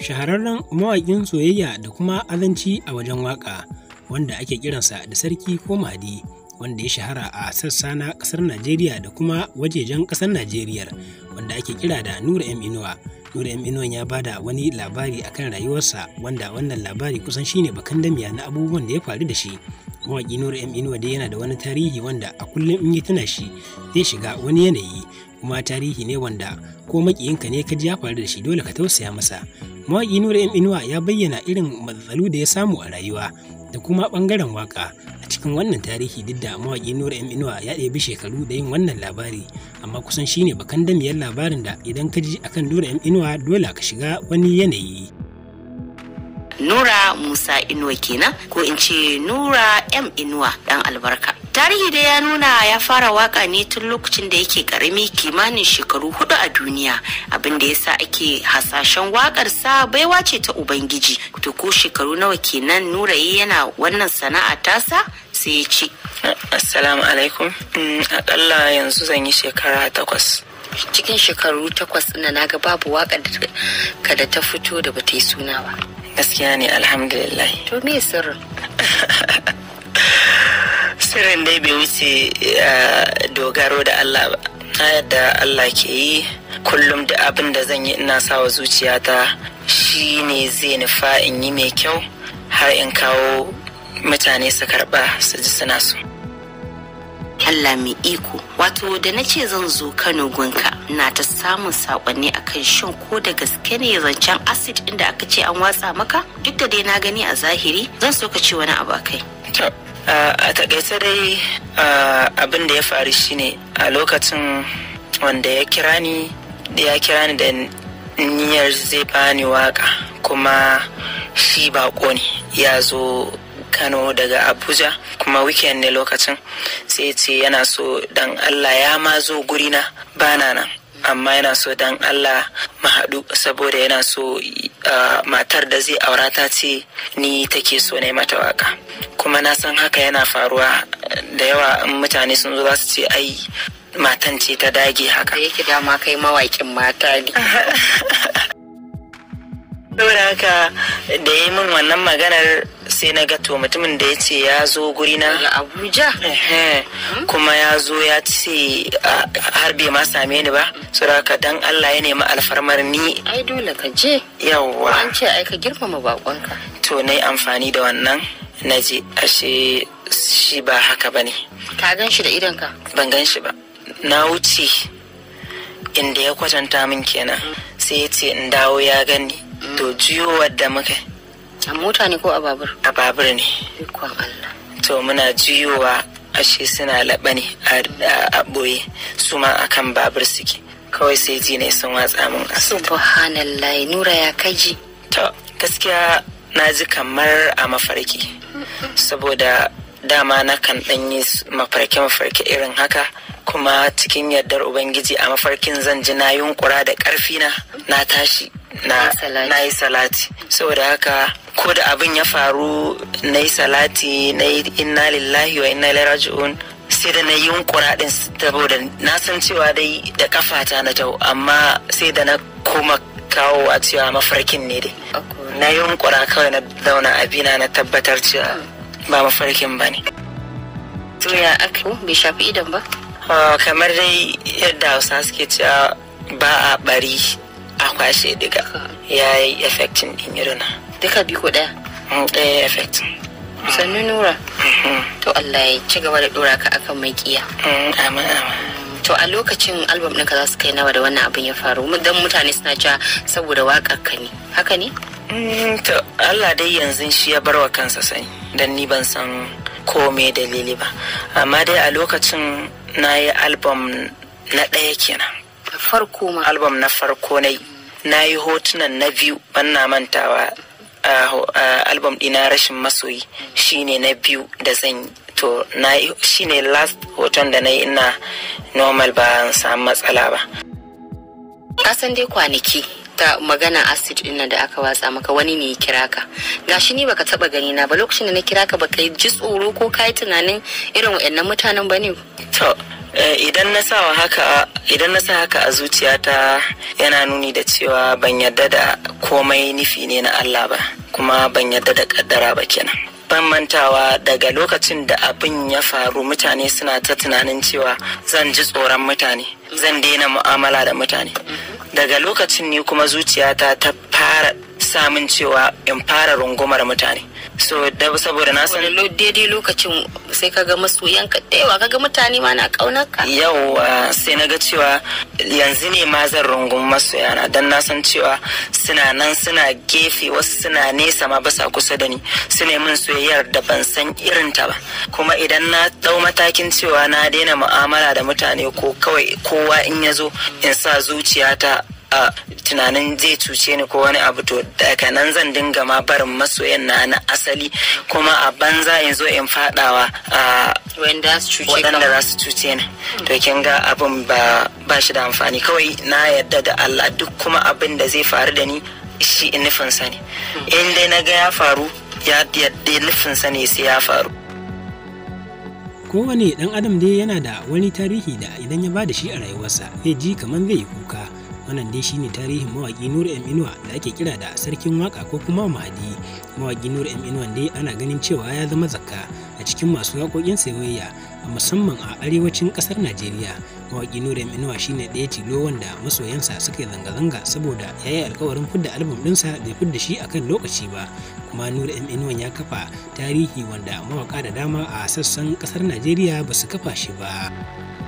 shahararren mawaƙin soyayya da kuma azanci a wajen waƙa wanda ake kiransa da sarki ko mahadi wanda ya shahara a sassa na ƙasar najeriya da kuma wajejen kasar najeriya wanda ake kira da nura m inuwa nura m inuwa ya bada wani labari akan rayuwarsa wanda wannan labari kusan shine bakan damiya na abubuwan da ya faru da shi mawaƙi nura m inuwa dai yana da wani tarihi wanda a kullum in yi tuna shi zai shiga wani yanayi kuma tarihi ne wanda ko maƙiyinka ne ka ji ya faru da shi dole ka tausaya masa mawaƙi nura m inuwa ya bayyana irin matsalu da ya samu a rayuwa da kuma ɓangaren waƙa, a cikin wannan tarihi duk da mawaƙi nura m inuwa ya ɗebi shekaru da yin wannan labari amma kusan shine bakan damiyar labarin da idan ka ji akan nura m inuwa dole ka shiga wani yanayi nura musa inuwa kenan ko in ce nura m inuwa ɗan albarka tarihi da ya nuna ya fara waka ne tun lokacin da yake karami kimanin shekaru hudu a duniya abinda ya sa ake hasashen wakar sa baiwa ta ubangiji to ko shekaru nawa kenan nura yana wannan sana'a tasa sai ya ce assalamu alaikum mm, akalla yanzu zan yi shekara takwas cikin shekaru takwas na naga babu wakar da kada ta fito da bata yi suna ba gaskiya ne alhamdulillah to me sirrin shirin dai bai wuce eh, dogaro da Allah ba yadda Allah ke yi kullum da abin da zan yi ina sawa zuciyata shi ne zai nufa in yi mai kyau har in kawo mutane su karba su ji suna so. Allah mai iko wato da na ce zan zo Kano gunka na ta samun sakonni akan shin ko da gaske ne zancen acid inda aka ce an watsa maka duk da dai na gani a zahiri zan so ka ce wani abu akai. a takaice dai abin da ya faru shine a lokacin wanda ya kira ni ya kira ni da niyyar zai bani waka kuma shi bako ne ya zo kano daga abuja kuma weekend ne lokacin sai ce yana so dan allah ya ma zo gurina bana nan amma yana so dan Allah mu haɗu saboda yana so matar da zai aura ta ce ni take so ne mata waka kuma na san haka yana faruwa da yawa mutane sun zo za su ce ai matan ce ta dage haka da yake dama kai mawaƙin mata ne saboda haka da yi min wannan maganar sai na ga to mutumin da ya ce ya zo guri na abuja kuma ya zo ya ce har bai ma same ni ba saboda dan allah ya nemi alfarmar ni ai dole ka je yawwa an ce ai ka girmama bakonka to na yi amfani da wannan na je ashe shi ba haka ba ne ka gan shi da idanka ban gan shi ba na wuce inda ya kwatanta min kenan mm. sai ya ce in dawo ya gani to juyowar da muka a mota ne ko a babur a babur ne ikon Allah to muna jiyowa ashe suna laɓa ne a ɓoye su ma a kan babur suke kawai sai ji ne sun watsa min subhanallah nura ya kaji to gaskiya na ji kamar a mafarki saboda dama na kan ɗanyi mafarki mafarki irin haka kuma cikin yardar ubangiji a mafarkin zan ji na yunkura da ƙarfi na na tashi na yi salati saboda haka ko da abin ya faru na yi salati na yi inna lillahi wa inna ilaihi raji'un sai da na yi yunkura din saboda na san cewa dai da kafata na tau amma sai da na koma a cewa mafarkin ne dai na yi yunkura kawai na zauna abina na tabbatar cewa ba mafarkin ba ne to ya aka bai shafi idan ba ah, kamar dai yadda hausa suke cewa ba a bari a kwashe duka ya yi efektin din irina duka biyu ko daya ɗaya mm, effect mm. sannu nura mm-hmm. to allah ya ci gaba da dora ka akan mai kiya mm, to a lokacin album ɗinka za su kai nawa da wannan abin ya faru don mutane suna cewa saboda waƙar ka ne haka ne to Allah dai yanzu shi ya bar wa kansa sani don ni ban san ko dalili ba amma dai a lokacin na yi album na ɗaya kenan farko ma album na farko na na yi hotunan na biyu banna mantawa album ɗina rashin masoyi shine na biyu da zan yi to na shine last hoton da na yi ina normal ba samu matsala ba kasan dai kwanaki ta magana acid ina da aka watsa maka wani ne ya kira ka gashi ni baka taba gani na ba lokacin da na kira ka baka ji tsoro ko kai tunanin irin waannan mutanen ba ne to Eh, idan na sawa haka idan na sa haka a zuciyata yana nuni da cewa ban yarda da komai nufi ne na Allah ba kuma ban yarda da kaddara ba kenan ban mantawa daga lokacin da abin ya faru mutane suna ta tunanin cewa zan ji tsoron mutane zan daina mu'amala da mutane mm-hmm. daga lokacin ni kuma zuciyata ta fara samun cewa in fara rungumar mutane so da saboda na san daidai lokacin sai kaga masoyan ka yawa kaga mutane ma na kaunar ka Yau sai na ga cewa yanzu ne ma zan rungum masoyana dan na san cewa suna nan suna gefe wasu suna nesa ma basa kusa da ni suna min soyayyar da ban san irin ta ba kuma idan na dau matakin cewa na daina mu'amala da mutane ko kawai kowa in ya zo in sa zuciyata A tunanin zai cuce ni ko wani abu to daga nan zan dinga ma barin masoyan na na asali kuma a banza in zo in fadawa a waɗanda za su cuce ni to kin ga abin ba shi da amfani kawai na yadda da Allah duk kuma abin da zai faru da ni shi sa ne hmm. in dai na ga ya faru ya yadda sa ne sai ya faru kowane dan adam dai yana da wani tarihi da idan ya ba da shi a rayuwarsa ya ji kamar zai yi kuka wannan dai shine tarihin mawaki nur m inuwa da ake kira da sarkin waka ko kuma mahadi mawaki nur m inuwa dai ana ganin cewa ya zama zakka a cikin masu waƙoƙin a musamman a arewacin ƙasar najeriya mawaki nur m inuwa shine ɗaya tilo wanda masoyansa suka zanga-zanga saboda ya yi alkawarin fidda album ɗinsa bai fidda shi akan lokaci ba kuma nur m inuwa ya kafa tarihi wanda mawaka da dama a sassan ƙasar najeriya ba su kafa shi ba